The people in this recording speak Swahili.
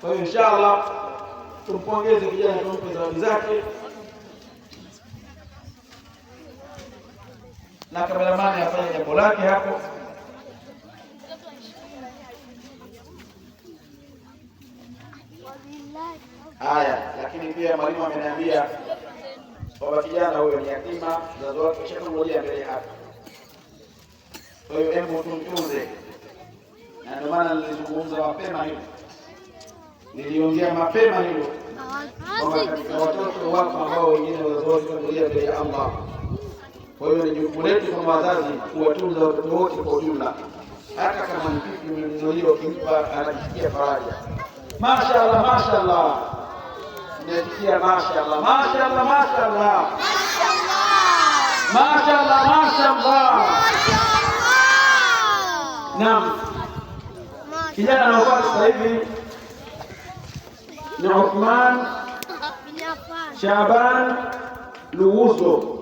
Kwa hiyo inshallah tumpongeze kijana, tumpe zawadi zake, na kameramani afanye jambo lake hapo. Haya, lakini pia mwalimu ameniambia kwamba kijana huyo ni yatima, mzazi wake shakumojea mbele hapa. Kwa hiyo hebu tumtunze, na ndio maana nilizungumza mapema hivi Niliongea mapema hilo ah, kwamba ah, katika watoto wako ambao wengine wazotangulia mbele ya Allah. Kwa hiyo ni jukumu letu kama wazazi kuwatunza watoto wote kwa ujumla, hata kama mpipi mlizoliwa, kimpa anajisikia faraja, mashaallah, mashaallah, sijasikia mashaallah, mashaallah, mashaallah, mashaallah, mashaallah. Naam, kijana anaokuwa sasa hivi ni Othman Shaban Luguso.